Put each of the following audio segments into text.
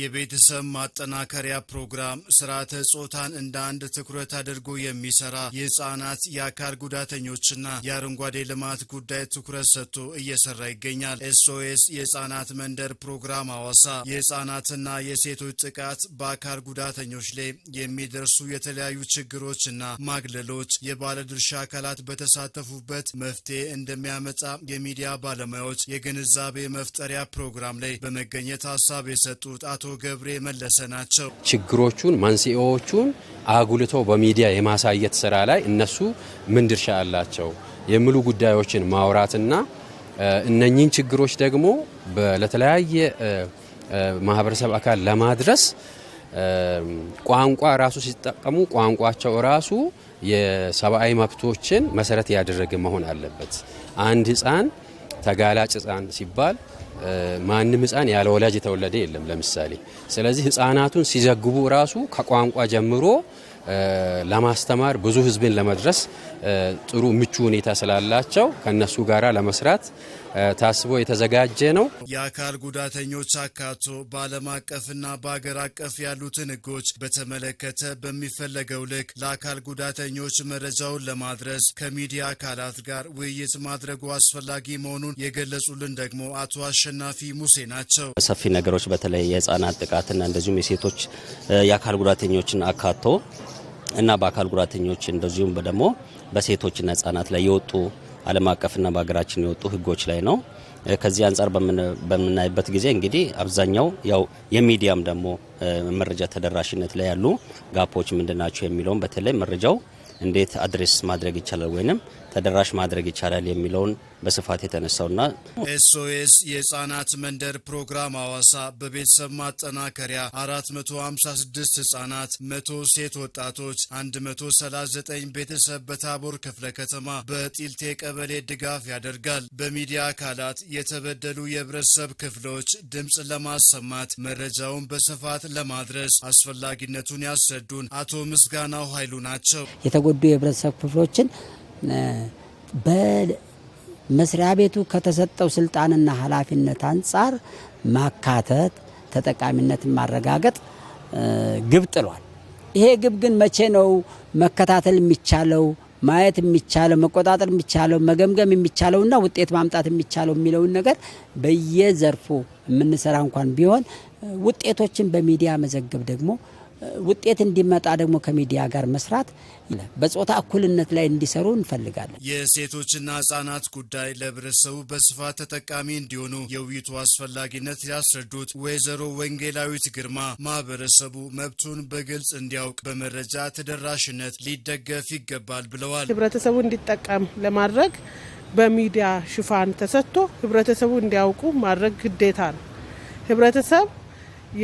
የቤተሰብ ማጠናከሪያ ፕሮግራም ስርዓተ ጾታን እንደ አንድ ትኩረት አድርጎ የሚሰራ የህፃናት የአካል ጉዳተኞችና የአረንጓዴ ልማት ጉዳይ ትኩረት ሰጥቶ እየሰራ ይገኛል። ኤስኦኤስ የህፃናት መንደር ፕሮግራም አዋሳ፣ የህፃናትና የሴቶች ጥቃት በአካል ጉዳተኞች ላይ የሚደርሱ የተለያዩ ችግሮችና ማግለሎች የባለድርሻ አካላት በተሳተፉበት መፍትሄ እንደሚያመጣ የሚዲያ ባለሙያዎች የግንዛቤ መፍጠሪያ ፕሮግራም ላይ በመገኘት ሀሳብ የሰጡት አቶ ገብሬ መለሰ ናቸው። ችግሮቹን መንስኤዎቹን አጉልተው በሚዲያ የማሳየት ስራ ላይ እነሱ ምን ድርሻ አላቸው የሚሉ ጉዳዮችን ማውራትና እነኚህን ችግሮች ደግሞ ለተለያየ ማህበረሰብ አካል ለማድረስ ቋንቋ ራሱ ሲጠቀሙ ቋንቋቸው ራሱ የሰብአዊ መብቶችን መሰረት ያደረገ መሆን አለበት። አንድ ህፃን ተጋላጭ ህፃን ሲባል ማንም ህፃን ያለ ወላጅ የተወለደ የለም ለምሳሌ። ስለዚህ ህፃናቱን ሲዘግቡ ራሱ ከቋንቋ ጀምሮ ለማስተማር ብዙ ህዝብን ለመድረስ ጥሩ ምቹ ሁኔታ ስላላቸው ከነሱ ጋራ ለመስራት ታስቦ የተዘጋጀ ነው። የአካል ጉዳተኞች አካቶ በዓለም አቀፍና በአገር አቀፍ ያሉትን ሕጎች በተመለከተ በሚፈለገው ልክ ለአካል ጉዳተኞች መረጃውን ለማድረስ ከሚዲያ አካላት ጋር ውይይት ማድረጉ አስፈላጊ መሆኑን የገለጹልን ደግሞ አቶ አሸናፊ ሙሴ ናቸው። ሰፊ ነገሮች በተለይ የህጻናት ጥቃትና እንደዚሁም የሴቶች የአካል ጉዳተኞችን አካቶ እና በአካል ጉዳተኞች እንደዚሁም ደግሞ በሴቶችና ህጻናት ላይ የወጡ ዓለም አቀፍና በሀገራችን የወጡ ህጎች ላይ ነው። ከዚህ አንጻር በምናይበት ጊዜ እንግዲህ አብዛኛው ያው የሚዲያም ደግሞ መረጃ ተደራሽነት ላይ ያሉ ጋፖች ምንድናቸው የሚለውን በተለይ መረጃው እንዴት አድሬስ ማድረግ ይቻላል ወይንም ተደራሽ ማድረግ ይቻላል የሚለውን በስፋት የተነሳውና ኤስኦኤስ የህጻናት መንደር ፕሮግራም አዋሳ በቤተሰብ ማጠናከሪያ 456 ህጻናት፣ 100 ሴት ወጣቶች፣ 139 ቤተሰብ በታቦር ክፍለ ከተማ በጢልቴ ቀበሌ ድጋፍ ያደርጋል። በሚዲያ አካላት የተበደሉ የህብረተሰብ ክፍሎች ድምፅ ለማሰማት መረጃውን በስፋት ለማድረስ አስፈላጊነቱን ያስረዱን አቶ ምስጋናው ኃይሉ ናቸው። የተጎዱ የህብረተሰብ ክፍሎችን መስሪያ ቤቱ ከተሰጠው ስልጣንና ኃላፊነት አንጻር ማካተት፣ ተጠቃሚነትን ማረጋገጥ ግብ ጥሏል። ይሄ ግብ ግን መቼ ነው መከታተል የሚቻለው ማየት የሚቻለው መቆጣጠር የሚቻለው መገምገም እና ውጤት ማምጣት የሚቻለው የሚለውን ነገር በየዘርፉ የምንሰራ እንኳን ቢሆን ውጤቶችን በሚዲያ መዘገብ ደግሞ ውጤት እንዲመጣ ደግሞ ከሚዲያ ጋር መስራት በጾታ እኩልነት ላይ እንዲሰሩ እንፈልጋለን። የሴቶችና ህጻናት ጉዳይ ለህብረተሰቡ በስፋት ተጠቃሚ እንዲሆኑ የውይይቱ አስፈላጊነት ያስረዱት ወይዘሮ ወንጌላዊት ግርማ ማህበረሰቡ መብቱን በግልጽ እንዲያውቅ በመረጃ ተደራሽነት ሊደገፍ ይገባል ብለዋል። ህብረተሰቡ እንዲጠቀም ለማድረግ በሚዲያ ሽፋን ተሰጥቶ ህብረተሰቡ እንዲያውቁ ማድረግ ግዴታ ነው። ህብረተሰብ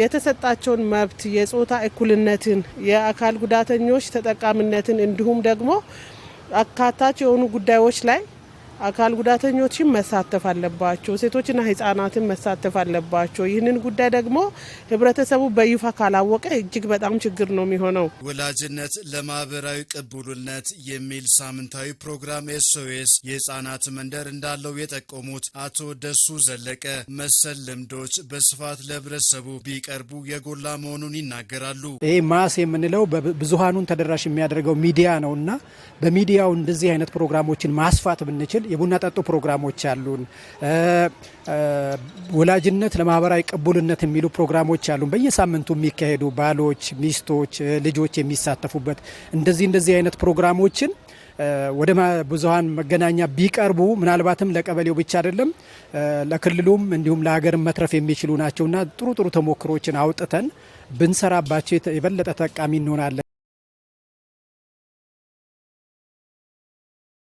የተሰጣቸውን መብት የጾታ እኩልነትን፣ የአካል ጉዳተኞች ተጠቃሚነትን እንዲሁም ደግሞ አካታች የሆኑ ጉዳዮች ላይ አካል ጉዳተኞችን መሳተፍ አለባቸው። ሴቶችና ህጻናትን መሳተፍ አለባቸው። ይህንን ጉዳይ ደግሞ ህብረተሰቡ በይፋ ካላወቀ እጅግ በጣም ችግር ነው የሚሆነው። ወላጅነት ለማህበራዊ ቅቡልነት የሚል ሳምንታዊ ፕሮግራም ኤስኦኤስ የህጻናት መንደር እንዳለው የጠቆሙት አቶ ደሱ ዘለቀ መሰል ልምዶች በስፋት ለህብረተሰቡ ቢቀርቡ የጎላ መሆኑን ይናገራሉ። ይህ ማስ የምንለው ብዙሀኑን ተደራሽ የሚያደርገው ሚዲያ ነው እና በሚዲያው እንደዚህ አይነት ፕሮግራሞችን ማስፋት ብንችል የቡና ጠጡ ፕሮግራሞች አሉን። ወላጅነት ለማህበራዊ ቅቡልነት የሚሉ ፕሮግራሞች አሉን። በየሳምንቱ የሚካሄዱ ባሎች፣ ሚስቶች፣ ልጆች የሚሳተፉበት እንደዚህ እንደዚህ አይነት ፕሮግራሞችን ወደ ብዙሀን መገናኛ ቢቀርቡ ምናልባትም ለቀበሌው ብቻ አይደለም ለክልሉም እንዲሁም ለሀገር መትረፍ የሚችሉ ናቸውና ጥሩ ጥሩ ተሞክሮችን አውጥተን ብንሰራባቸው የበለጠ ተጠቃሚ እንሆናለን።